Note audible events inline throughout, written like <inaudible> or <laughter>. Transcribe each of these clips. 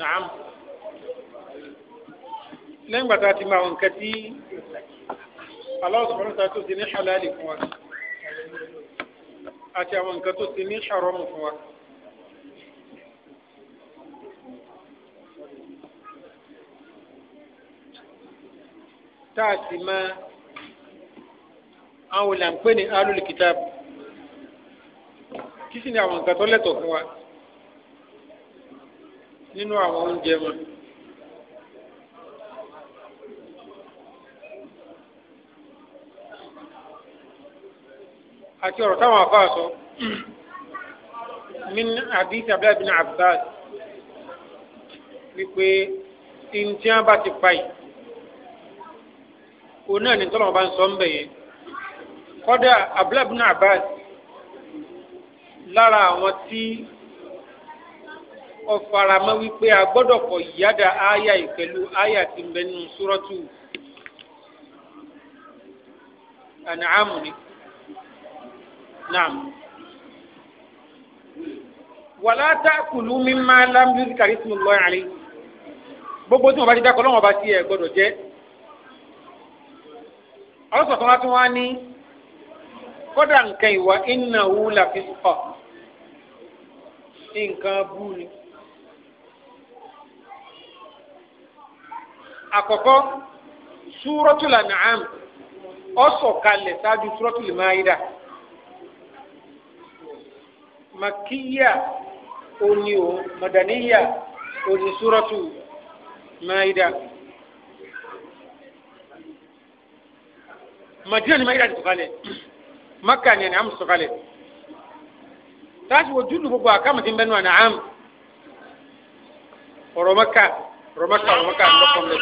nàám lẹ́yìn gbàtà ti máa wọn kẹtí Allah subhanahu wa ta'ala tó ti ní halali fún wa àti àwọn nǹkan tó ti ní haramu fún wa. tá a àwọn ìlànà pé ní alul kitab ni àwọn nǹkan tó lẹ́tọ̀ọ́ fún wa nínú àwọn oúnjẹ wọn. àti ọ̀rọ̀ táwọn afá sọ <clears throat> min hadith abdullahi bin abbas wípé ntí wọn bá ti pa yìí òun náà ní tọ́lọ̀ bá ń sọ ń bẹ̀ yẹn kọ́dà abdullahi bin abbas lára àwọn tí ọ̀faramọ́ wípé a gbọ́dọ̀ kọ̀ yíyáda áyà yìí pẹ̀lú áyà tí ń bẹ nínú súrọ́tù ànàámù ni. Naam. Wàlá ta'kulu mimma lam yuzkar ismullahi alayhi. Gbogbo tí wọ́n bá ti dákọ̀ lọ́wọ́ bá tiẹ̀ gbọ́dọ̀ jẹ́. Ọlọ́sọ̀ kan wá tún wá ní kódà nǹkan ìwà innahu la fisqa. Nǹkan bú àkọ́kọ́ súrọ́tùl ànàám ó sọ̀kalẹ̀ ṣáájú súrọ́tùl máyídà makiya oni o madaniya oni súrọ́tù máyídà madina ni máyídà ti sọ̀kalẹ̀ makka ni ànàám sọ̀kalẹ̀ táàsì wo júlù gbogbo àkàmùtí mbẹ́nu ànàám ọ̀rọ̀ makka rọmọkà rọmọkà lọkọmọ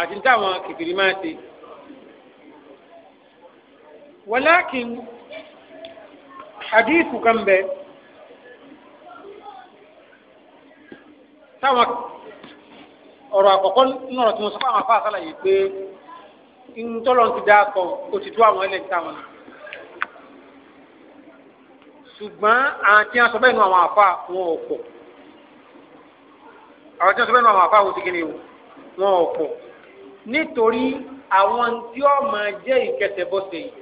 àti táwọn kìkìrì máa ṣe. walakin hadithu kan bẹ táwọn ọ̀rọ̀ àkọ́kọ́ nọ̀rọ̀ tí mo sọ fún àwọn afáàsá láyé pé ntọ́lọ́n ti dáa kọ òtítọ́ àwọn ẹlẹ́ni táwọn náà ṣùgbọ́n àti asọ́bẹ́nu àwọn afá wọn ò pọ̀ àwọn tí wọ́n sọ bẹ́ẹ̀ náà àwọn afáwò ti kíni o wọn ò pọ̀ nítorí àwọn tí ó máa jẹ́ ìkẹsẹ̀bọsẹ̀ yìí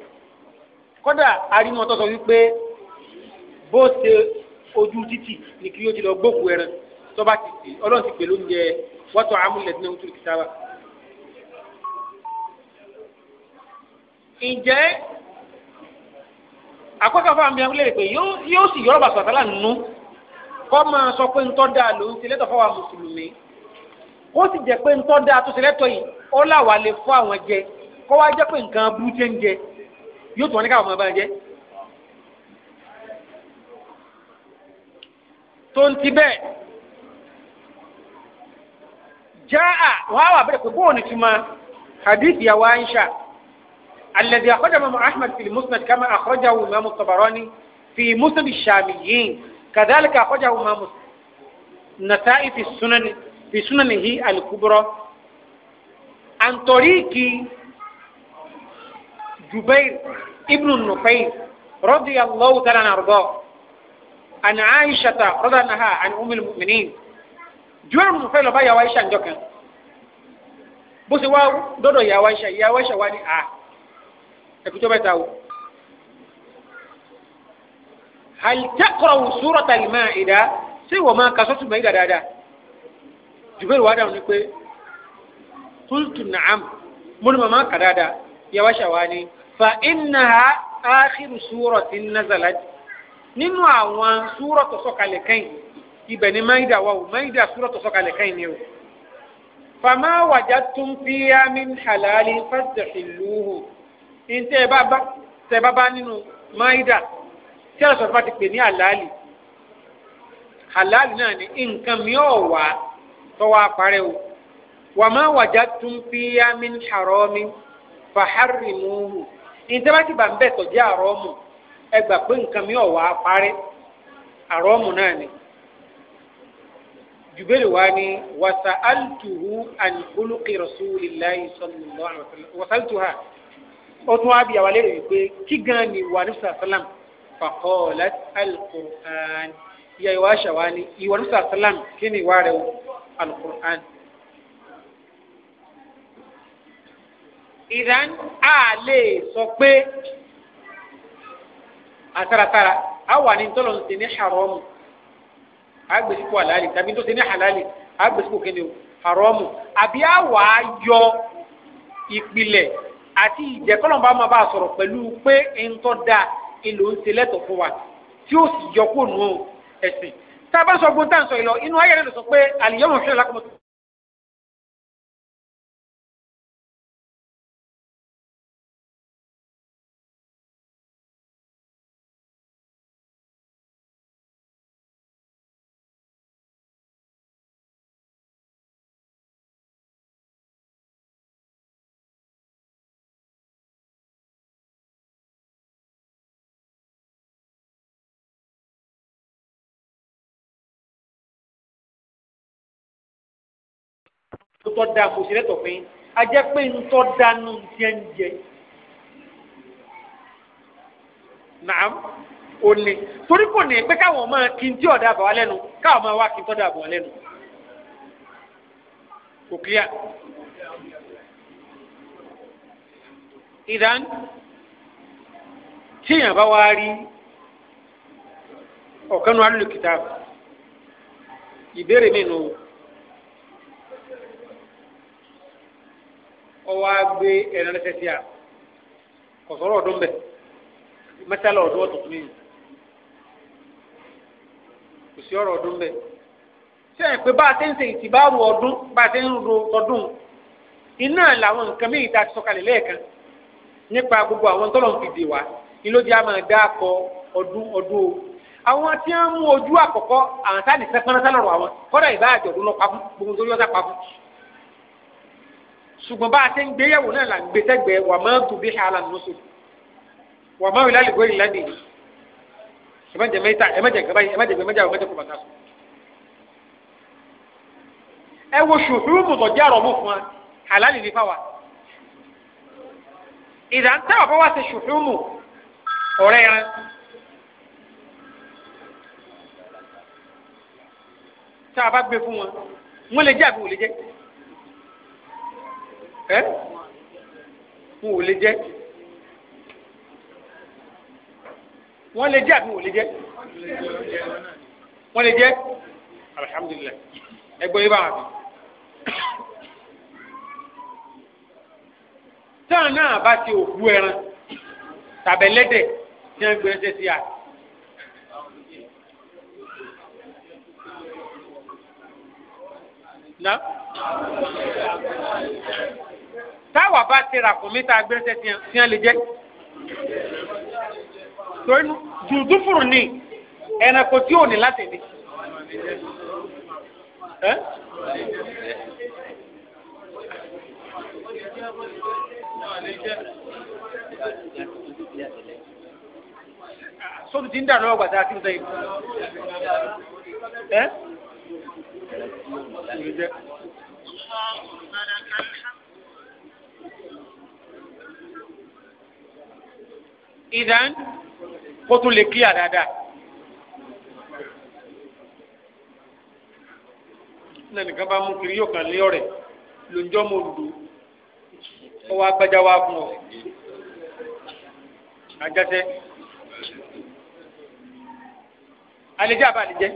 kódà arímọ́ tó sọ wípé bó ṣe ojú títì ni kí yóò ti lọ gbókù ẹran tó bá ti sè ọlọ́run ti pè lóúnjẹ wọ́tọ̀ amúlẹ̀ tí wọ́n tún kìí sábà. ǹjẹ́ àkọ́kọ́ fáwọn bí wọ́n lè pè yóò sì yọ̀rọ̀ bàtà sàlá nù kọ́ máa sọ pé ntọ́ dáa ló ń ṣe lẹ́tọ̀ fáwọn mùsùlùmí ó sì jẹ́ pé ntọ́ dáa tó ṣe lẹ́tọ̀ yìí ó làwà lè fún àwọn jẹ kọ́ wá jẹ́ pé nǹkan burú ṣe ń jẹ yóò tún wọn ní káwọn ọmọ bá jẹ. tó ń ti bẹ́ẹ̀ já a wọ́n á wà bẹ́ẹ̀ pé bóun ni ti máa hadith yà wá ń ṣà alladhi akhrajahu Ahmad fil musnad kama akhrajahu Imam Tabarani fi musnad ash-Shamiyyin. كذلك أخرجه إمام النسائي في السنن في سننه الكبرى عن طريق جبير ابن النفيل رضي الله تعالى عنه أرضاه عن عائشة رضي عنها عن أم المؤمنين جبير بن النفيل بقى يا عائشة جوكا بس واو دودو يا عائشة يا عائشة واني آه ẹkutọ bẹ hal taqra'u surata al-Ma'ida ṣé wọ́n máa ka sọ́tún Ma'ida dáadáa Jubair wàá dáhùn ní pé qultu na'am mo ní màmá kà dáadáa yàwá ṣàwání fa innaha akhiru suratin nazalat nínú àwọn súrọ̀ tó sọ̀kalẹ̀ kẹ́yìn ni Ma'ida wà Ma'ida súrọ̀ tó sọ̀kalẹ̀ ni o fama wajadtum fiha min halali fastahilluhu ní tẹ́ ẹ bá bá Ma'ida tí àlùfáà bá ti pè ní àlàálì àlàálì náà ni nǹkan mi ò wá tọ́wọ́ apárẹ́ o wà má wàjá tún fi yá mi ní àrọ́mi fàhárì múhù níta bá ti bà ń bẹ̀ tọ́jú àrọ́mù ẹ gbà pé nǹkan mi ò wá apárẹ́ àrọ́mù náà ni jubeli wani wasaltuhu an kuluki rasulillahi sallallahu alaihi wa sallam wasaltuha o tún wá bí àwa lérè wípé kí gan ni wà ní sàlám faqalat al-Qur'an ìyá ìwà àṣàwá ni ìwà nípa sàlám kí ni ìwà rẹ̀ o al-Qur'an. ìdán a lè sọ pé àtàràtàrà a wà ní tọ́lọ̀ ní ní haramu agbèsípò àlàlì tàbí tó ti ní halali agbèsípò kí ni o haramu àbí a wà á yọ ìpìlẹ̀ àti ìjẹ́kọ́lọ́mbà máa bá a sọ̀rọ̀ pẹ̀lú pé ń tọ́ da ìlò ń ṣe lẹ́tọ̀ fún wa tí ó sì yọ kó nù ẹ̀sìn tá a bá sọ gbóntàn sọ ìlọ inú ayẹyẹ lọ sọ pé àlìyọ́mọ̀ fẹ́ràn lákòókò tọ́ da kò sí lẹ́tọ̀ fún yín ajẹ́ pé ń tọ́ da nù jẹ́njẹ́ nàám ò ní torí kò ní pé káwọn máa kí n tí ọ̀dà àbàwá lẹ́nu káwọn máa wá kí n tọ́ da àbàwá lẹ́nu kò kíá. ìdán tíyàn bá wá rí ọ̀kanú alùpùpù ìbéèrè mi nù. ọwọ́ agbé ẹ̀rọ ẹ̀rọ tẹ̀sí à kọ̀sọ́rọ̀ ọ̀dún bẹ̀ mẹ́tàlá ọ̀dún ọ̀tún mi kò sí ọ̀rọ̀ ọ̀dún bẹ̀ ṣé ẹ̀ pé bá a ti ń ṣe ìtìbáàrù ọdún bá a ti ń ro ọdún iná làwọn nǹkan méjì tá a ti sọ̀kalẹ̀ lẹ́ẹ̀kan nípa gbogbo àwọn tọ́lọ̀ ń fi dè wá ìlójú àmọ́ ẹ̀dá akọ ọdún ọdún o àwọn tí wọ́n mú ojú àkọ́kọ́ àwọn sáà ní sẹ́kọ́nà sálọ̀rọ̀ àwọn kọ́dà ìbáàjọ̀ ọdún lọ pa fún gbogbo nítorí wọ́n sá pa fún ṣùgbọ́n bá a ti ń gbéyàwó náà là ń gbé sẹ́gbẹ́ wà máa tún bí hàlà nùsù wà máa wílá lìgbó ìlà nìyí ẹ má jẹ mẹ́ta ẹ má jẹ gaba yìí ẹ má jẹ gbẹ ẹ má jẹ kó bàtà sùn. ẹ wo ṣùfúrú mùtọ̀ jẹ́ àrọ̀ mú fún wa halali ní fáwa ìdá ń táwọn fọwọ́ ṣe ṣùfúrú mù ọ̀rẹ́ yẹn. tá a bá gbé fún wọn wọn lè jẹ àbí wọn lè jẹ ẹ́ wọn ò lè jẹ́ wọ́n lè jẹ́ àbí wọ́n lè jẹ́ wọ́n lè jẹ́ alihamudulilayi ẹgbẹ́ yìí bá wà bí. náà bá ti òkú ẹran tàbẹ̀lẹ́dẹ̀ tí wọ́n gbé a. na táwa bá ti rà kùnmí tá a gbé ṣe tiẹ̀ lè jẹ́ torí dùdúfùrù ni ẹranko tí ò ní láti ní. sóòtù tí ń dànù ọgbà tá a ti ń sẹ́yìn. ẹ. ìdán kó tún lè kíyà dáadáa. náà nìkan bá mú kiri yóò kàn lé ọ̀rẹ́ lóńjọ́ mo lù ó wá gbájá wá fún ọ àjẹsẹ alẹjẹ àbá alẹjẹ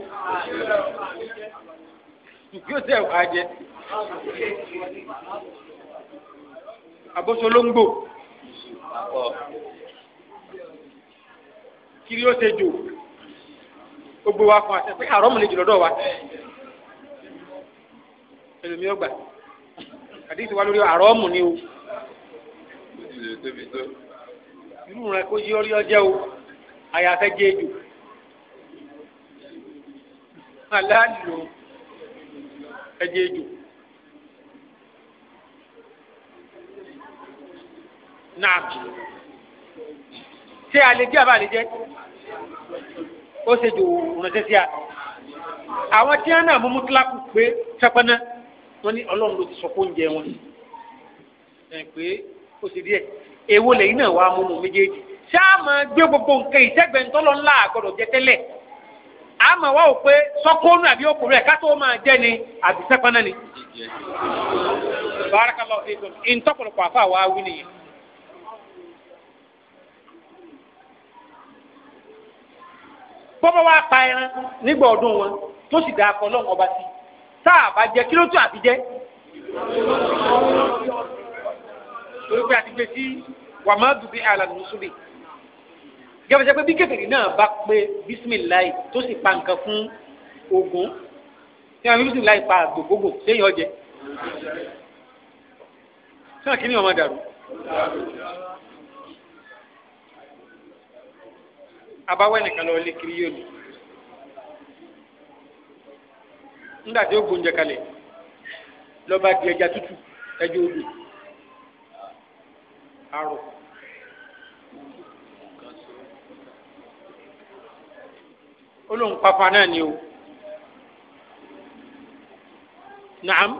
yóò tẹ ọ àjẹ kiri ó ṣe jò ó gbé wa fún àṣẹ pé àrọ́mù lè jù lọ́dọ̀ wa ẹlòmí ọgbà àdéhùn wa lórí àrọ́mù ni o irú rẹ kó yí ọrí ọjẹ o àyàfẹ́ jẹ jù aláàlú ẹjẹ jù. Naam ṣé a lè jẹ́ àbá lè jẹ́ ó ṣe jò ránṣẹ́ sí a àwọn tí wọn náà mú mutlaku pé sápẹ́nà wọn ní ọlọ́run ló ti sọ kó ń jẹ wọn ẹ̀ pé ó ṣe díẹ̀ èwo lẹ́yìn náà wàá mú un méjèèjì ṣé a máa gbé gbogbo nǹkan ìtẹ́gbẹ̀ntọ́lọ́ ńlá àgọ́dọ̀ jẹ tẹ́lẹ̀ a wá ò pé sọ́kónú àbí òkúrú ẹ̀ máa jẹ́ ni àbí sẹ́pẹ́nà ni. barakallahu fiikum ìntọ́pọ̀lọpọ̀ àfa wa wí nìyẹn. bọ́bá wa pa ẹran nígbà ọdún wọn tó sì dáa kọ́ lọ́wọ́ ọba sí tá a bá jẹ kí ló tún àbí jẹ. torí pé àti gbé sí wà má dùbí alàlùsùbì jẹ́wọ́ sẹ́pẹ́ bí kẹfìrì náà bá pé bísímìláì tó sì pa nǹkan fún ogun tí wọ́n fi bísímìláì pa àgbògbògbò sẹ́yìn ọ̀jẹ̀ sọ́nà kí ni ọmọ dàrú. abáwẹ́ nìkan lọ lé kiri yóò lò nígbà tí ó gbóúnjẹ kalẹ̀ lọ́ba di ẹja tútù ẹja odò arò. olóhùn pàpà náà ni o naam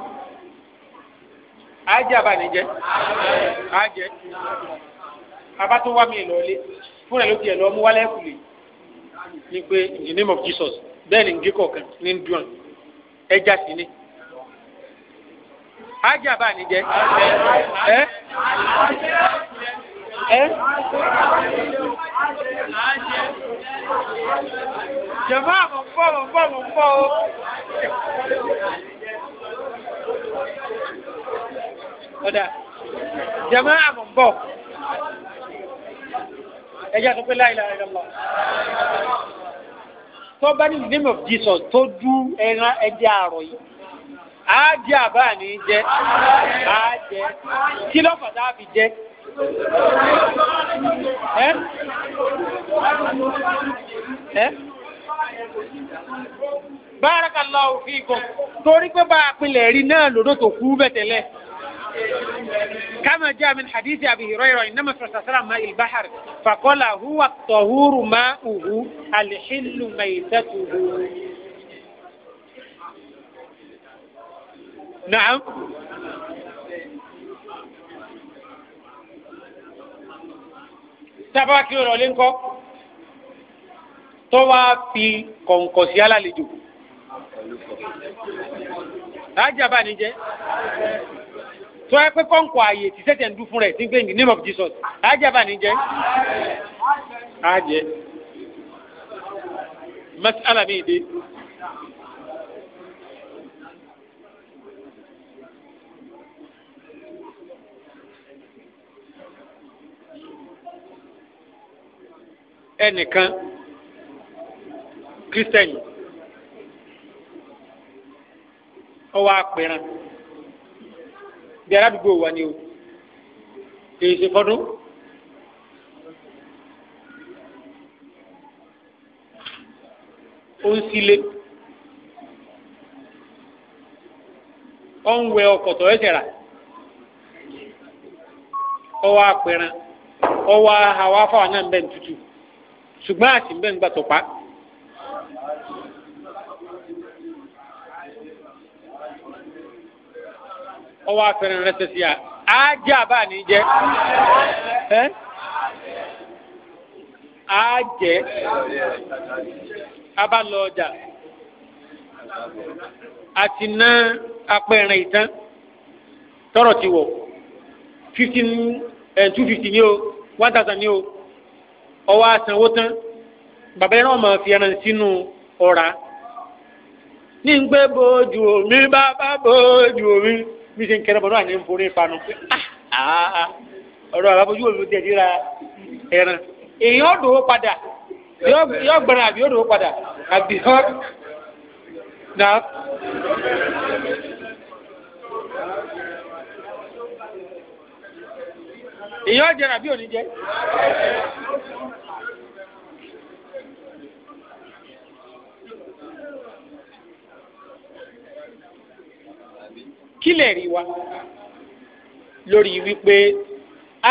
ajé abanijẹ ajé abatowami lọlé. fúnra ló tiẹ̀ lọ mú wálé kùlì ní pé in the name of Jesus bẹ́ẹ̀ ni ngé kọ̀ọ̀kan ní dùn ẹja sí ni. ajá bá ní jẹ ẹ ẹ jẹ̀mọ́ àmọ̀ ń bọ̀ mọ̀ ń bọ̀ mọ̀ ń bọ̀ o. ọ̀dà jẹ̀mọ́ àmọ̀ ń bọ̀ ẹjẹ́ sọ pé láìla ìlọ́lọ́. tó bá ní the name of Jesus tó dú ẹran ẹjẹ́ àrọ̀ yìí á jẹ́ àbá ní jẹ́ á jẹ́ kí lọ́kàn tá a fi jẹ́. ẹ ẹ bárakàlá òfin kan torí pé bá a pinlẹ̀ rí náà lòdò tó kú bẹ̀tẹ̀lẹ̀. كما جاء من حديث أبي هريرة إنما صلى الله عليه وسلم ماء البحر فقال هو الطهور ماؤه الحل ميتته نعم tábà kí ọ̀rọ̀ lé ńkọ́ tó wá fi kọ̀ǹkọ̀ sí alálejò. Rájà bá ní jẹ́ tó yẹ pé kọ́ńkọ́ ààyè tí sẹ́tẹ̀ ń dún fún rẹ̀ tí ń gbé ní name of Jesus ajẹ́ bá ní jẹ́ ajẹ́ masala mi de. ẹnìkan kristẹni ọwọ́ apẹran. bí aládùúgbò wa ni o èyí ṣe fọdún. ó ń sílé ó ń wẹ ọkọ̀ ẹ̀jẹ̀ rà ọwọ́ apẹran ọwọ́ àwọn ọwọ́ afẹ́rẹ́ rẹ ṣẹṣẹ à ájá bá ní jẹ ẹ ájẹ abalọ ọjà àti ná apẹ̀rẹ̀ ìtàn tọrọ ti wọ̀ fifteen eh, two fifty ní o one thousand ní o ọwọ́ asanwó tán bàbá yẹn náà máa fi ẹran sínú ọ̀rá ní gbé bójú omi bàbá bójú omi bí ṣe ń kẹrẹ bọ̀ náà ní nforí ah pé ah, ah, ọ̀rọ̀ àbábọ̀jú òbí tẹ̀ síra ẹran èèyàn ọ̀dọ̀ owó padà yọ gbẹ̀rẹ̀ àbí ọ̀dọ̀ owó padà àbí ọ̀ nà. èèyàn jẹ àbí òní jẹ. kílẹ̀ rí wa lórí wípé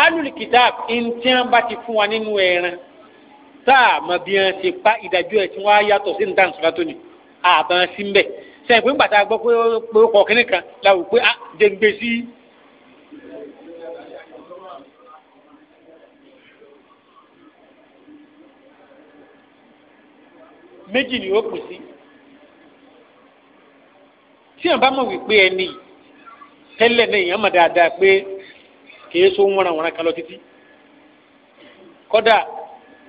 alùlùkìtàb ntẹ́nba ti fún wa nínú ẹran tá a mọ bí wọn ṣe pa ìdájọ́ ẹ̀ tí wọ́n á yàtọ̀ sí nǹkan sọ̀rọ̀ tó ní àbá sí mbẹ̀ sẹ́yìn pé gbàtà gbọ́ pé ó kọ̀ kínní kan láwùjọ pé a ah, jẹ́ sí. méjì ni ó pè sí tí wọn bá mọ̀ wípé ẹni yìí tẹ́lẹ̀ náà èèyàn mọ̀ dáadáa pé kìí so ń wọ́nra wọ́nra kan lọ títí kọ́dà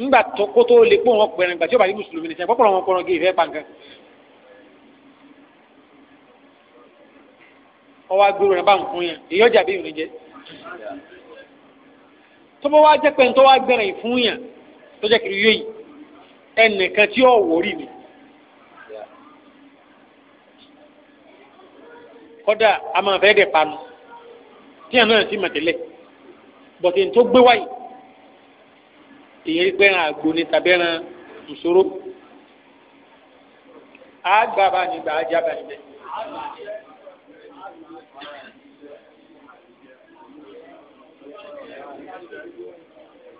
ńgbà tó kó tó lè pọ̀ wọn pẹ̀rẹ̀ ńgbà tí ó bá rí mùsùlùmí nìkan pọ́pọ́ wọn kọ́ran gé ìfẹ́ pàǹkan. ọwọ́ agbèrò rẹ̀ bá ń fún yẹn èyí ọjà bí ìrìn kọ́dà a máa fẹ́ dẹ̀ panu tí àná ẹ̀ sì mà tẹ́lẹ̀ bọ̀tẹ̀ tó gbé wáyé èyí pé ẹran àgbo ni tàbí ẹran ìṣòro àgbà bá nígbà ajá bá níbẹ̀.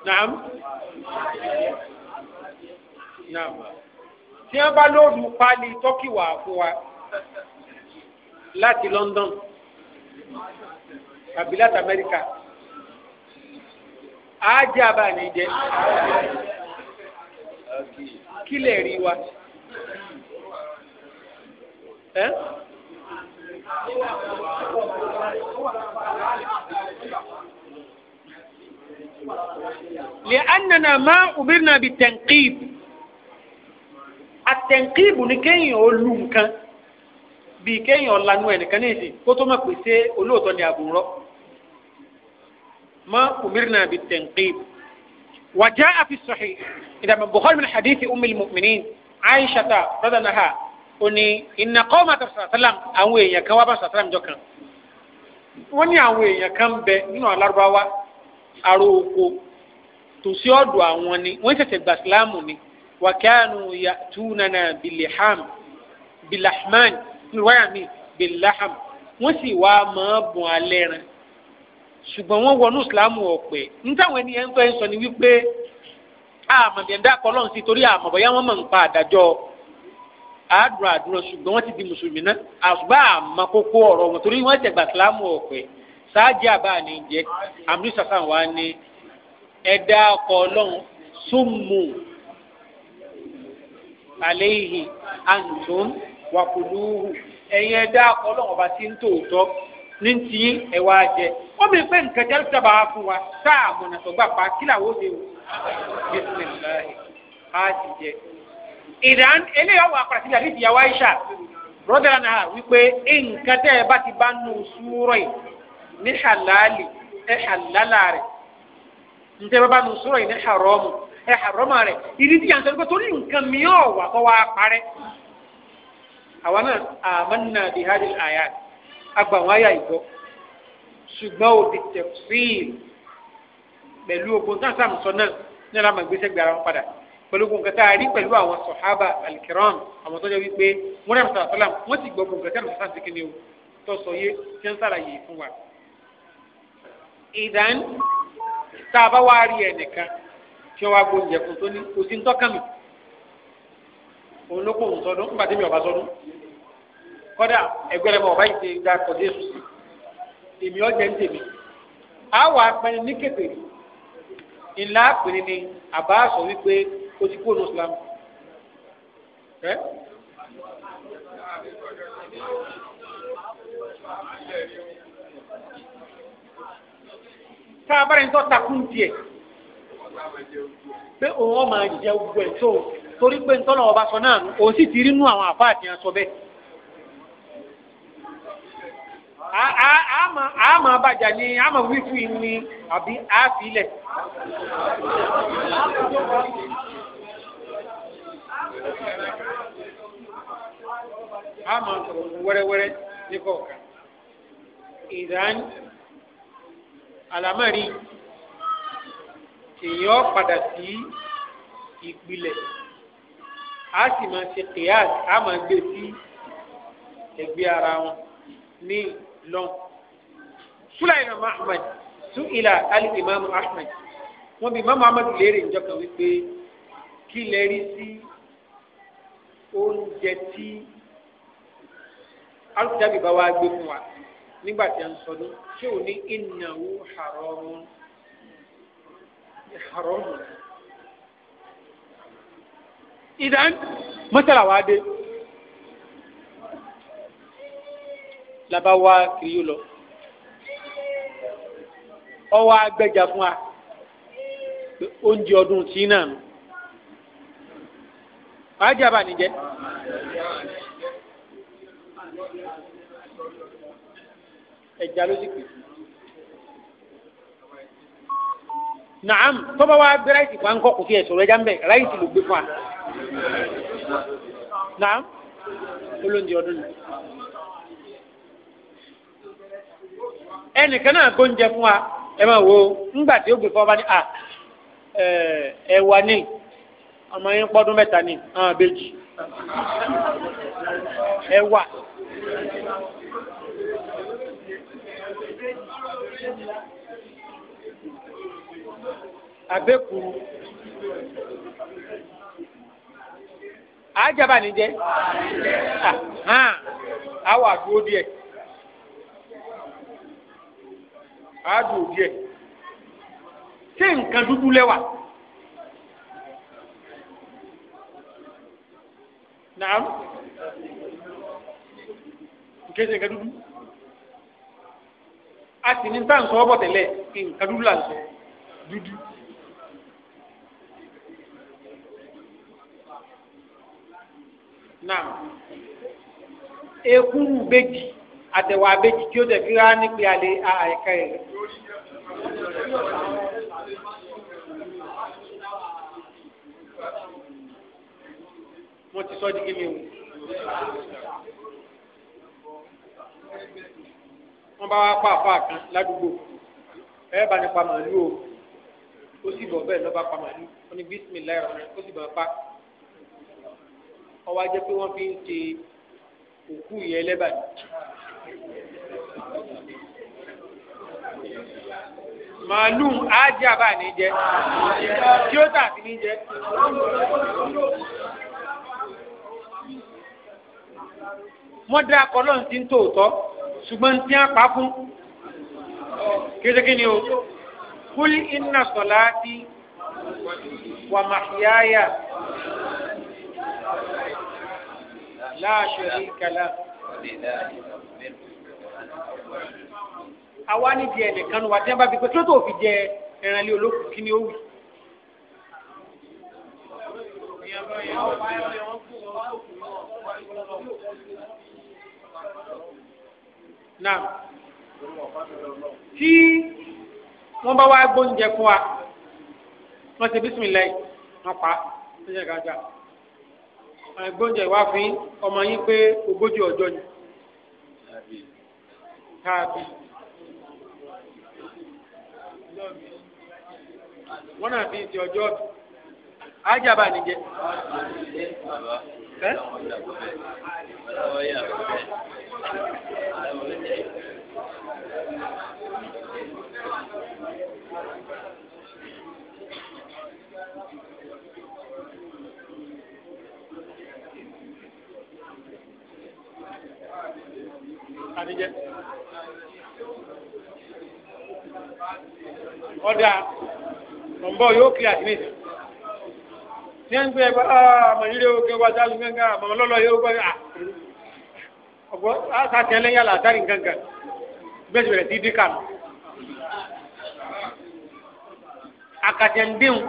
Naam. Naam. Tí wọ́n bá lóòdù pálí tọ́kì wà fún wa, láti London tàbí láti Amẹ́ríkà àájá bá ní jẹ kí lè rí wa ẹ lẹ́ẹ̀nana máa umirna bi tẹ̀ǹkìb àtẹ̀ǹkìb ni bíi kéèyàn lanu ẹnìkan ní ìsìn kó tó mọ̀ pé ṣé olóòótọ́ ni àbùrọ̀ mọ́ umirna bi tanqib wa jaa fi sahih ìdààmú bukhari min hadithi umil mu'minin aisha radanaha oni inna qawma tafsasalam àwọn èèyàn kan wá bá sasalam jọ kan wọ́n ní àwọn èèyàn kan bẹ nínú alárúbáwá aró oko tòsí ọ̀dọ̀ àwọn ni wọ́n ṣẹ̀ṣẹ̀ gbà sílámù ni wa kanu ya'tunana bilham wáyà mi bilaham wọ́n sì wá máa bùn alẹ́ rẹ̀ ṣùgbọ́n wọ́n wọnú ìsìlámù ọ̀pẹ nítawọn ẹni ẹ̀ ń fẹ́ sọ ni wípé àmọ̀dẹ̀ndà kọlọ́n sí torí àmọ̀bọ̀yá wọn mọ̀ ń pa àdájọ́ àádùn àdúrà ṣùgbọ́n wọ́n ti di mùsùlùmí náà àṣùgbà àmọ́ kókó ọ̀rọ̀ wọn torí wọ́n tẹ̀gbà ìsìlámù ọ̀pẹ sáájì àbá ni jẹ́ àmì sàṣàn wa ni ẹ̀dá kọlọ́n súnmù àléhìn àǹtọ́n wàkùlùhù ẹ̀yin ẹ̀dá ọlọ́run ọba tí ń tòótọ́ ní ti ẹ̀wà jẹ wọ́n mi pé nǹkan jẹ́ sábà fún wa tá a mọ̀nà sọ̀gbà pa kí làwọn ó ṣe wò bisimilahi a ti jẹ. ìdán eléyàwó àwọn àpàtì àti ìyàwó Brother rọ́dàlá náà wípé nǹkan tẹ́ ẹ bá ti bá nù súrọ̀ yìí ní halali ẹ̀ halala rẹ̀ ntẹ́ bá bá nù súrọ̀ yìí ní haramu ẹ̀ haramu rẹ̀ ìdí tí yàtọ̀ nípa torí nǹkan mìíràn wà kọ́ wa parẹ́ àwọn náà àmàna bí hajj àyà àgbà wọn àyà ìgbọ́ ṣùgbọ́n òdì tẹ̀fíìl pẹ̀lú ogun náà sàmùsọ náà ní ọlọ́mọ ìgbésẹ̀ gbàrà wọn padà pẹ̀lú ogun kẹta àrí pẹ̀lú àwọn sọ̀hábà alikiran àwọn tó jẹ́ wípé wọ́n rẹ̀ mọ̀tàlá sọ́lá wọ́n ti gbọ́ ogun kẹta àmì sàn síkìnnì o tó sọ yé tí ń sàlàyé fún wa. ìdán tá a bá wá rí ẹnìkan tí wọ́n wá gbóúnjẹ fún tó ní kò sí ń tọ́kàn mi òun ló kóhun sọdún nígbà tí mi ọba sọdún kọ́dà ẹgbẹ́ rẹ̀ mọ̀ ọba yìí ti da kọjá èso sí èmi ọjà ń tèmi àwọn apẹni ní kété ńlá pèrè ni àbá sọ wípé o ti kóhun Islam ẹ. tá a bá rẹ̀ ń tọ́ takùn tiẹ̀ pé òun ọ̀ máa gbogbo ẹ̀ tó o torí pé ntọ́nà ọba sọ náà òun sì ti rí nú àwọn àfáà tí wọ́n sọ bẹ́ẹ̀. àmà àbàjá ni àmà wíwú ni àbí àfilẹ̀. àmà sọ̀rọ̀ wẹ́rẹ́wẹ́rẹ́ ní kọ̀ọ̀kan. ìdán àlámọ̀rí èèyàn padà sí ìpìlẹ̀ a sì máa ṣe kìíyàs a máa gbé sí ẹgbẹ́ ara wọn ní lọ́n. sulaimah ahmed tún ilà al-imam ahmed wọ́n bi imam ahmed léèrè ìjọba wípé kí lè rí sí oúnjẹ tí alùpùpù bá wá gbé fún wa nígbà tí a ń sọdún tí ò ní innahu haramun haramun. Idan mọ́sálà wá dé làbá lọ ọwọ́ agbẹ́jà fún a oúnjẹ ọdún tí náà nù wájú àbànújẹ́ ẹja ló naam wa gbé ráìsì fún ń kọ́ kò sí rẹ̀ naam olóńjẹ ọdún ni ẹnìkan náà gbóúnjẹ fún wa ẹ máa wo ńgbà tí ó gbé fún ọba ní à ẹ wà ní ọmọ yẹn pọ́dún mẹ́ta ní àwọn abéjì ẹ wà. abẹ́kuru àjàbá ni jẹ hàn àwọn àdúró díẹ̀ àdúró díẹ̀ ṣé nǹkan dúdú lẹ́wà naam nǹkan ṣe nǹkan dúdú a sì ní tá à sọ ọ́ bọ̀ tẹ́lẹ̀ nǹkan dúdú là ń sọ dúdú. náà ekuru bèjì àtẹwà bèjì tí ó dẹ̀ fi rá nípe àlè àìkẹ́ rẹ̀. mo ti sọ di kí mi o. wọ́n bá wá pa àfa kan ládùúgbò ẹ bá nípa màálù o ó sì bọ̀ bẹ́ẹ̀ lọ́ba pa màálù ó ní bísí mi láì rọrùn ó sì bọ̀ pa ó wá jẹ́ pé wọ́n fi ń ṣe òkú yẹn lẹ́bàdàn. màálù ájá àbá ní jẹ tí ó tà sí ní jẹ. wọ́n dá akọ lọ́run sí ń tòótọ́ ṣùgbọ́n tí wọ́n pa fún kéékèèké ni o kúlí iná sọ̀lá ti wà màkìyáyà. لا شريك له àwa ní di ẹnìkan wa tí wọn bá fi pé kí ló tó fi jẹ ẹran lé olókùn kí ni ó wù. náà tí wọn bá wá gbóúnjẹ fún wa wọn ti bísí mi lẹ́yìn wọn pa á ṣe é ṣe kájà ẹgbọ́njẹ wá fi ọmọ yín pé ogójì ọjọ́ ni káàbí wọn náà fi ti ọjọ́ ajába nìjẹ ẹ mi jẹ́. ọ̀dà ọ̀nbọ̀ yóò kí àtìlẹ́sì tí wọ́n ń gbé ẹgbẹ́ ọmọ ah, yìí lóò gé wájú àlùmí nga àmọ́ ọlọ́lọ́ yóò gbé à ah, ọ̀gbọ́ àtàtì ẹlẹ́yà làtàrí nǹkankan bẹ́ẹ̀ bẹ̀rẹ̀ sí díkà mọ́. àkàtẹ̀ ń dẹ́hùn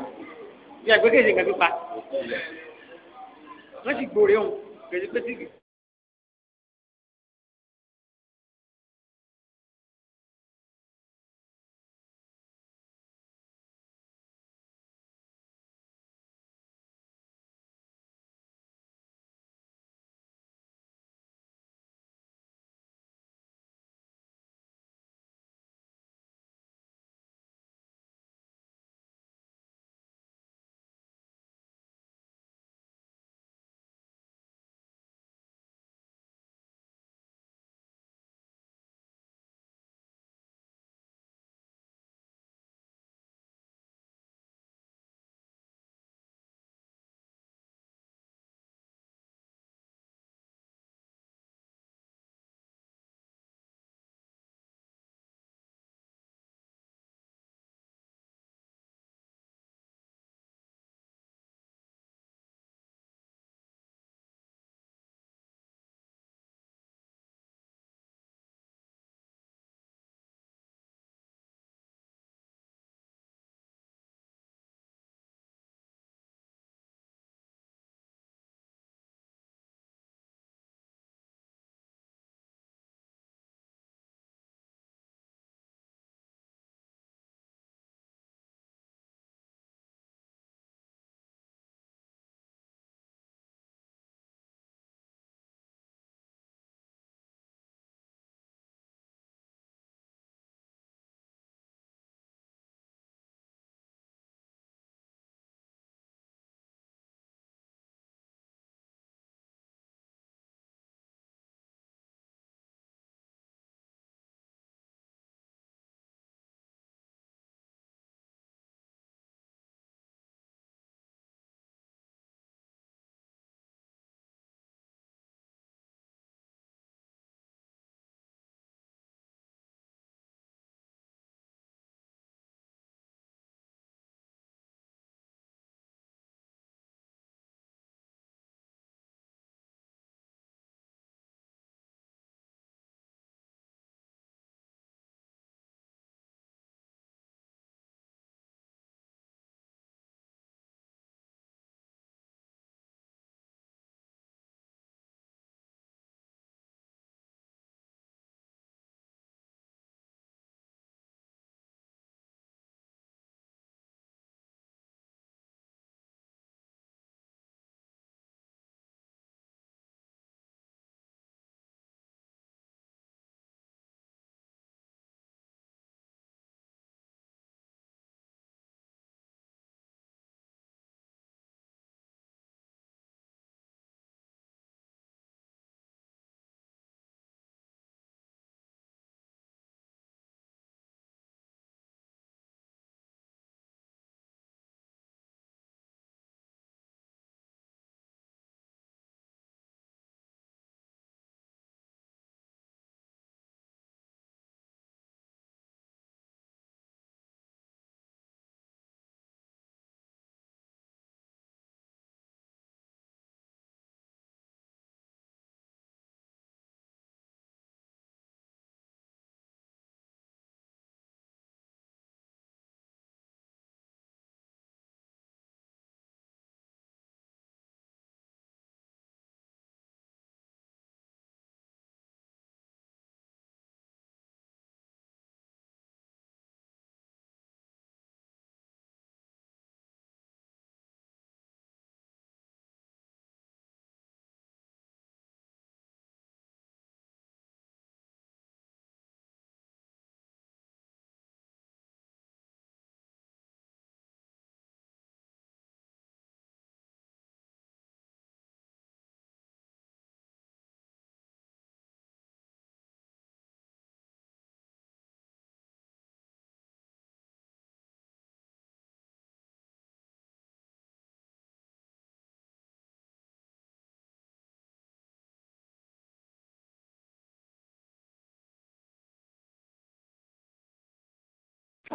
bí àgbẹ̀kẹ̀sẹ̀ nǹkan pípa wọ́n sì gbòòrè hùn kẹ̀síkẹ́sì.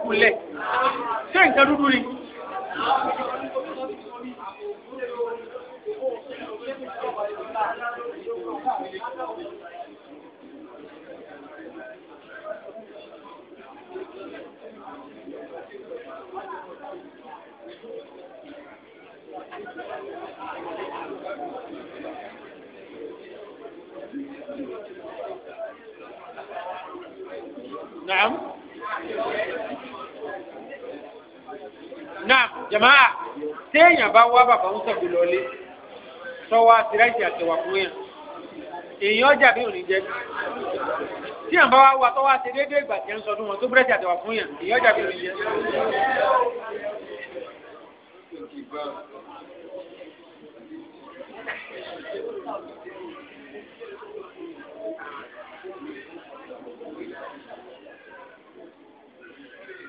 kulẹ̀ ṣé nǹkan dúdú ni. Thank you. jama téèyàn bá wá bàbá ń sọ̀bì lọ́lé sọ́wọ́ àtìrẹ́jì àtẹ̀wà fún yẹn èèyàn ọjà bí òní jẹ tí à ń bá wá wa tọ́wọ́ àti déédéé ìgbà tí à sọdún wọn tó búrẹ́dì àtẹ̀wà fún yẹn èèyàn ọjà bí òní jẹ.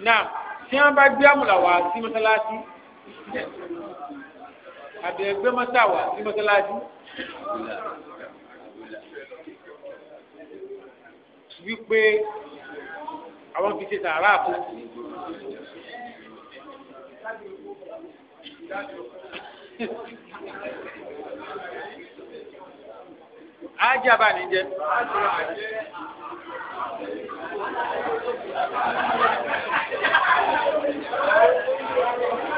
náà tí wọ́n bá gbé àmùlà wá sí mọ́sálásí àbí ẹgbẹ́ mọ́tà wà sí mọ́tàlájú. wípé àwọn fi ṣe sàárà fún. ajaba ni jẹ. Thank you.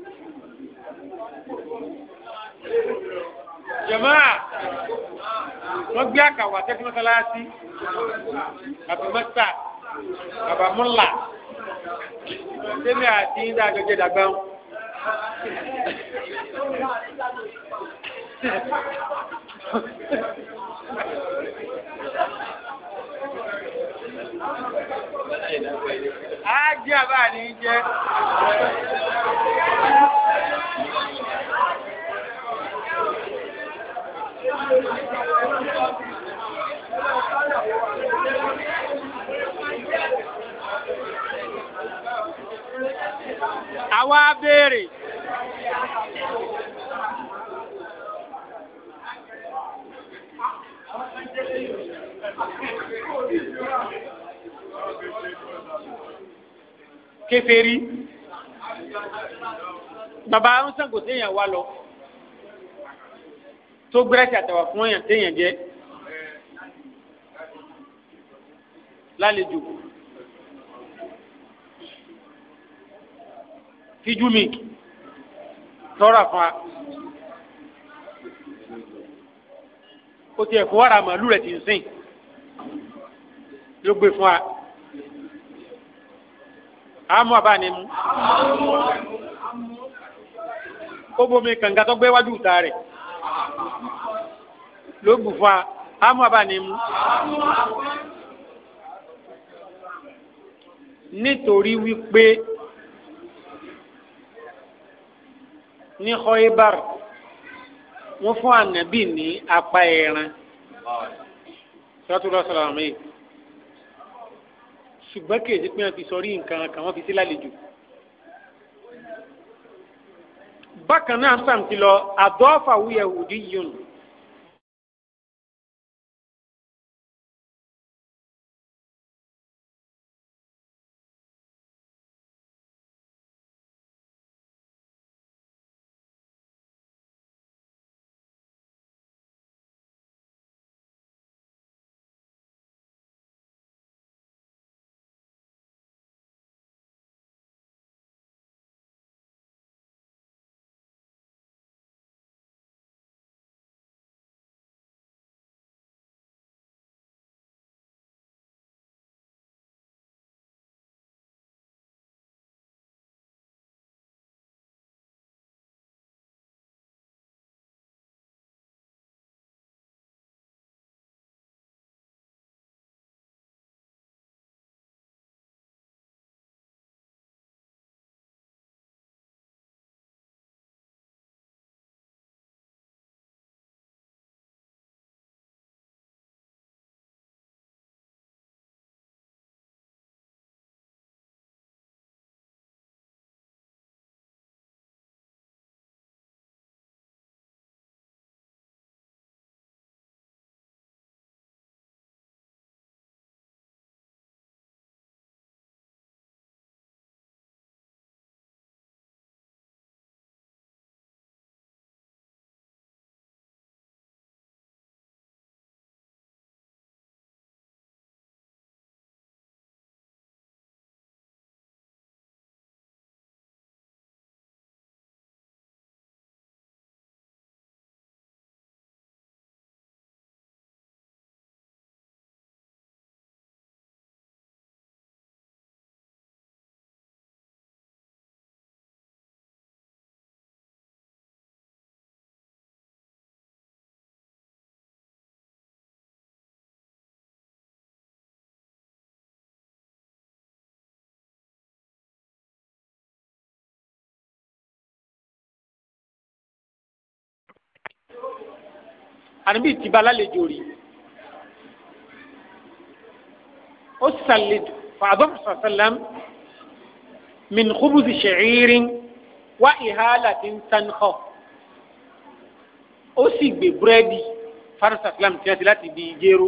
jamaa wọ́n gbé àkàwà tẹkínọsálásí àbímọta àbámúlà sẹmi àti ìdá àjọjẹ dàgbà ń. Thank you. ajé àbá ní jẹ. àwa béèrè. kèfèrí baba ń sàgò téèyàn wá lọ tó gbẹ́rẹ́sì àtàwà fún èèyàn téèyàn jẹ́ lálejò fíjú mi tọ́ra fún wa ó ti ẹ̀fọ́ wàrà màálù rẹ̀ ti ń sìn ló gbé fún wa àmú àbá ni mú ó bomi kànga tó gbé wájú ìta rẹ̀ ló bù fún wa àmú àbá ni mú nítorí wípé ní Khaybar wọ́n fún ànábì ní apá ẹran sọ́tún lọ́sọ̀rọ̀ mi ṣùgbọ́n kéèjì pé wọ́n fi sọ rí nǹkan kan wọ́n fi sí lálejò. bákan náà sàm lọ àdọ́fà wúyẹ̀ òdì yìí nù. àníbí ìtìbá lálejò rí ó sàlejò fàdọ́m sàlám min khubuzi sha'irin wa ihalatin tanho ó sì gbé búrẹ́dì fàdọ́m sàlám tí wọ́n ti láti bí jéró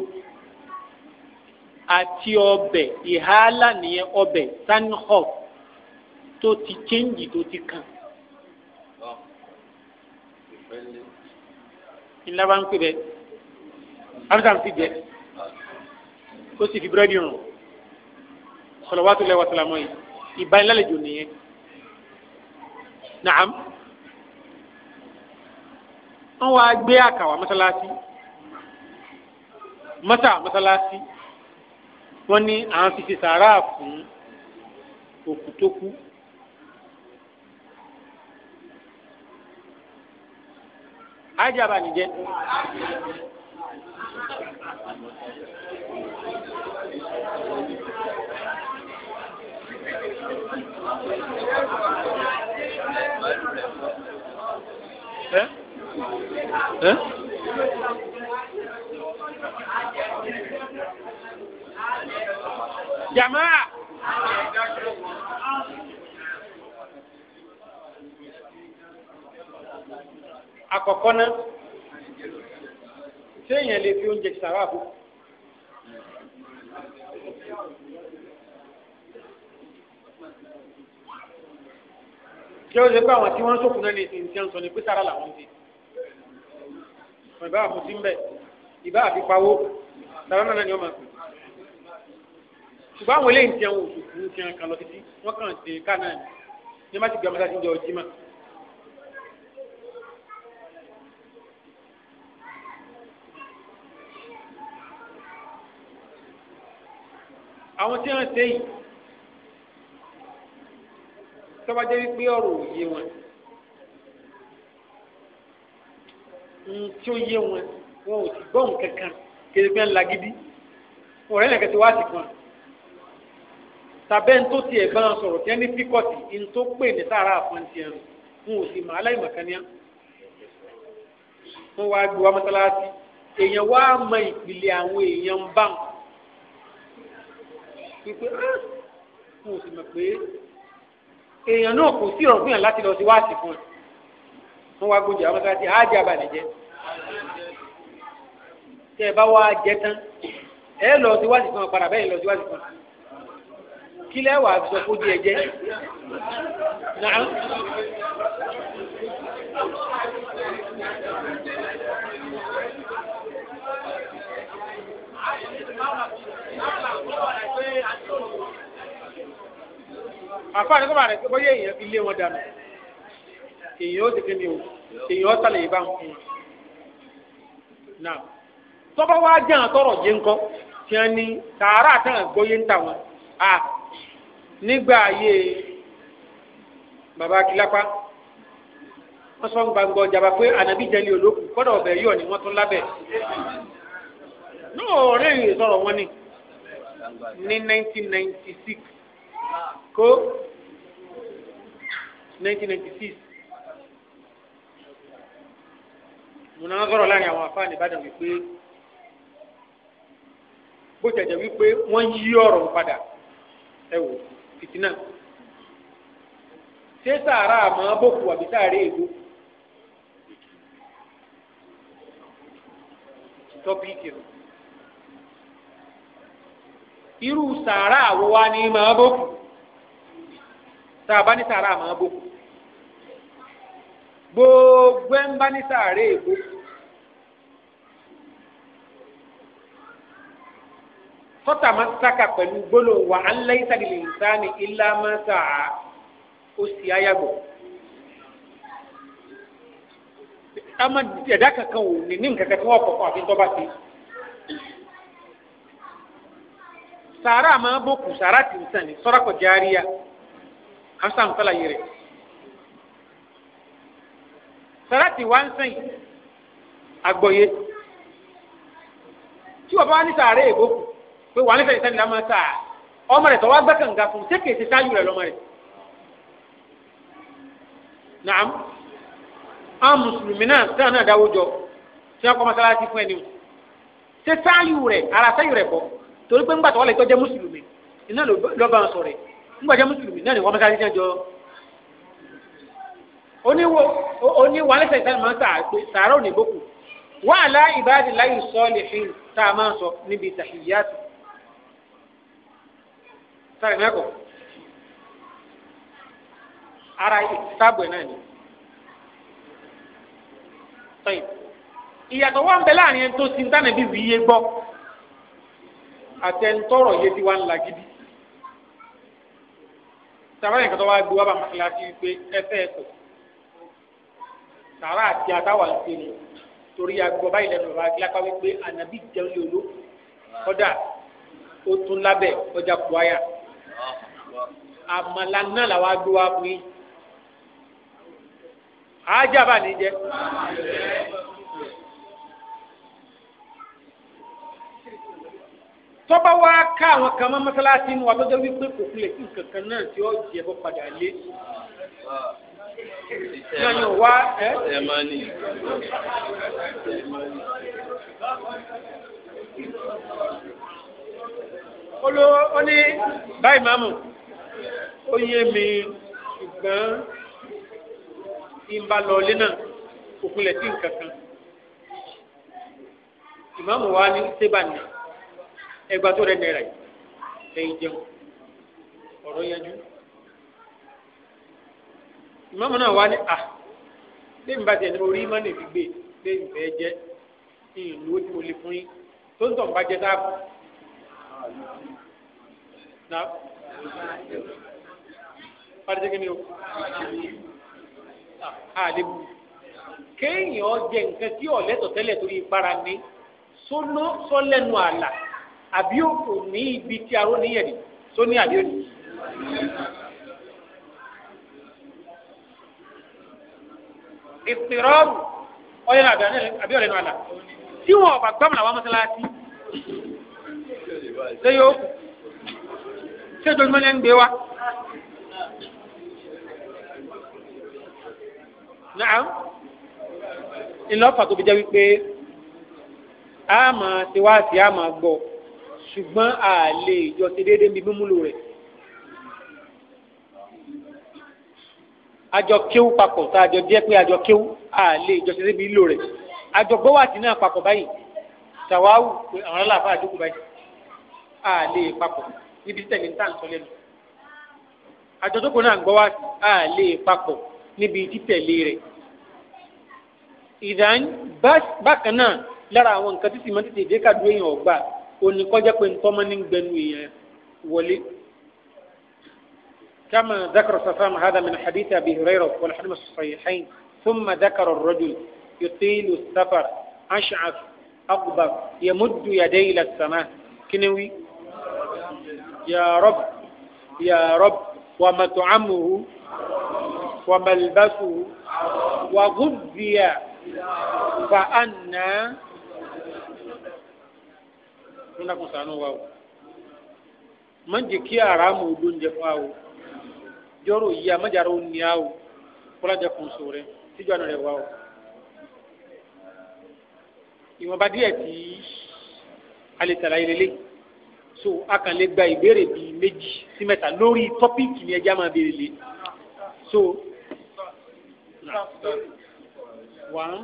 àti ọbẹ̀ ìhálà nìyẹn ọbẹ̀ tanho tó ti chẹ́ǹgì tó ti kàn ńlá bá ń pè bẹ amúsà ń fi jẹ ó sì fi búrẹ́dì rùn sọlọ́wọ́tò lẹ́wọ́ sọlọ́mọ́ yìí ìbánilálejò nìyẹn nàám wọ́n wá gbé àkàwà mọ́sálásí mọ́sá mọ́sálásí wọ́n ní à ń fi ṣe sàárà fún òkú tó kú. ajaba nìjẹ. ẹ ẹ. jamaa. àkọ́kọ́ náà séèyàn lè fi oúnjẹ sàrà àbò. kí ó ṣe pé àwọn tí wọ́n ń sòkun náà ní ìsìn tí wọ́n ń sọ ní pé sára làwọn ń di. ìbá àmúti ń bẹ̀ ìbá àfipáwó sàrà náà ni wọ́n máa pè ṣùgbọ́n àwọn eléyìí ń tiẹ̀ wọn ń tiẹ̀ kan lọ títí wọ́n kàn ṣe ká náà ni wọ́n bá ti gbé ọmọ sáà ti ọjí mọ́. àwọn tí wọ́n ṣe yìí tọ́bajẹ́ wípé ọ̀rọ̀ òye wọn tí ó yé wọn wọn ò sì gbọ́ nǹkan kan kéde pé ń la gidi ọ̀rẹ́ nìkan ti wá sí kan tàbẹ́ ń tó tiẹ̀ bá wọn sọ̀rọ̀ tí wọ́n ní píkọ́tì ń tó pè ní sára àfọ̀ǹtì ẹ̀rù wọn ò sì mọ aláìmọ̀kan ní wọn wá gbé wa mọ́sálásí èèyàn wá mọ ìpìlẹ̀ àwọn èèyàn bá wọn wípé ah, mo sì mọ̀ pé èèyàn náà kò sí ìrọ̀rùn fún yàn láti lọ sí wáàsí fún ẹ wọn wá gbóúnjẹ àwọn sáà ti ájá balẹ̀ jẹ tẹ ẹ bá wá jẹ tán ẹ lọ sí wáàsí fún ẹ padà bẹ́ẹ̀ lọ sí wáàsí fún ẹ kí lẹ́ wàá sọ fojú ẹ jẹ náà àfáàní kọ́ bá rẹ̀ bóyá èèyàn fi lé wọn dànù èèyàn ó ti kí ni o èèyàn ó tàlẹ̀ ìbá ń fún un náà tọ́ba wá jẹ́ àwọn tọrọ jẹ́ ńkọ́ tí wọ́n ní sàárà àtàwọn gbóyè ń tà wọn à nígbà ayé baba akilapa wọ́n sọ gbàngbọ́ jaba pé ànábì jẹ́lẹ̀ olókùn kọ́dọ̀ ọ̀bẹ yọ̀ ni wọ́n tún lábẹ́. náà eléyìí sọ̀rọ̀ wọn ni ní 1996 kó 1996 múná sọ̀rọ̀ láàrin àwọn afáàní Ìbàdàn wípé bó jẹjẹ wípé wọ́n yí ọ̀rọ̀ padà ẹ wò fìtínà ṣé sàárà àmọ́ bòkù àbí sàárè èdò. tọ́pìkì rẹ̀ irú sàárà àwọ̀ wa ni màá bò tá a bá ní sàárà màá bò gbogbo ẹ̀ bá ní sàárè èkó. tọ́tà máa sáka pẹ̀lú gbólóhùn wa aláìsàn lè ilá máa sà ó sì áyàgbọ̀. ẹ̀dá kankan ò ní ní nǹkan kan tí wọ́n kọ̀ọ̀kan àfi tọ́ bá ti. sara ma boku sara tin san ni sora ko jariya an san kala yire sara ti wan san agboye ti o ba ni sara e boku pe wan san san na ma sa o mare to wa gba kan ga fun se ke se tayu re lo mare na'am am muslimina kana dawojo ti ko masala ti fun eni se tayu ara tayu re bo torí pé ńgbà tó wà lẹ́tọ́ jẹ́ mùsùlùmí iná ló bá wọn sọ̀rọ̀ ńgbà jẹ́ mùsùlùmí náà ni wọ́n mẹ́ta jẹ́ jọ. oníwo oníwà lẹ́sẹ̀ ìtàn máa ń sà pé sàárọ̀ ní bókù wà á lá ìbáàdì láyé sọ́ọ̀lìhìn tá a máa ń sọ níbi tàhíyàtì. sáré mẹ́kọ̀ ara ìtàbọ̀ náà ni. ìyàtọ̀ wà bẹ láàrin ẹni tó sin tánàbí wíyé gbọ́ àtẹnutọ́rọ̀ yé ti wá ń la gidi sàrà yẹn kàtọ́ wá gbé wá bá mọ́sálásí pé ẹsẹ̀ ẹ̀kọ́ sàrà àti àtàwà ń ṣe ni torí agbọ́ báyìí lẹ́nu bàbá akílápá wípé ànábì jẹun lé olú kọ́dà ó tún lábẹ́ ọjà kùáyà àmàlà náà làwọn agbé wá fún yín àájà bá ní jẹ. tọ́ba wá ká àwọn kan mọ́ mọ́sálásí inú wa tọ́jọ́ wípé kò kulẹ̀ sí nǹkan kan náà tí ó jẹ bọ́ padà lé. Yọ̀yọ̀ wá ẹ́. Olówó ó ní báyìí máàmù ó yé mi ṣùgbọ́n ìbálòlé náà kò kulẹ̀ sí nǹkan kan. wa ní Sébà ẹgbà tó rẹ náírà yìí lẹ́yìn jẹun ọ̀rọ̀ yanjú ìmọ̀mọ́ náà wá ní à lẹ́yìn bá tiẹ̀ ní orí mọ́nì fi gbé lẹ́yìn fẹ́ jẹ́ ìlú tí mo lè fún yín tó ń tọ̀ ń jẹ sáàbù na pàdé kí ni o àlebu kéèyàn jẹ nǹkan tí ọ̀lẹ́tọ̀ tẹ́lẹ̀ torí ìpara ní sọ́lẹ́nu àlà àbí òkò ní ibi tí aró níyẹn ni tó ní àdéhùn. ìpìrọ́ọ̀rù ọ̀yẹ́ àbí ọ̀rẹ́ nu àlà tí wọn ọ̀bà gbàmù làwọn mọ́sálásí ṣé yóò kù ṣé ìjọba ní ẹ̀ ń gbé wa. naam ìlọ́fà tó fi jẹ́ wípé a máa ṣe wá sí a máa gbọ́ ṣùgbọ́n a lè jọ ti déédéé níbi mímúlò rẹ̀. àjọ kéwú papọ̀ tá a jọ jẹ́ pé àjọ kéwú a lè jọ ti déédéé níbi rẹ̀. àjọ gbọ́wọ́ àti náà papọ̀ báyìí tàwáwù pé àwọn aláàfáà àdókù báyìí a lè papọ̀ níbi tẹ̀lé ń tà ń sọ lẹ́nu. àjọ tó kù náà gbọ́wọ́ àti a lè papọ̀ níbi títẹ̀lé rẹ̀. ìdáhùn bákan náà lára àwọn nǹkan títí mọ́ títí ìdíkàdúró yẹn ọ̀gbà òní kọjá pé ntọ́mọ ní gbẹnu yẹn wọlé. كما ذكر صفام هذا من حديث أبي هريرة والحديث الصحيحين ثم ذكر الرجل يطيل السفر أشعث أقبر يمد يديه إلى السماء كنوي يا رب يا رب ومطعمه وملبسه وغذي فأنا lọ́nà kò sànú wa o má jẹ́ kí àràmù olóúnjẹ fún wa o jọ́rọ̀ yìí a má jẹ́ ara ó ní a o kọ́lájà kò sọ rẹ tíjú àná rẹ wa o ìwọ̀nba díẹ̀ tí alẹ́ tàlà yìí lélẹ́yìí so a kàn lè gba ìbéèrè bíi méjì sí mẹ́ta lórí tọ́píìkì ni ẹja e máa béèrè lé so one.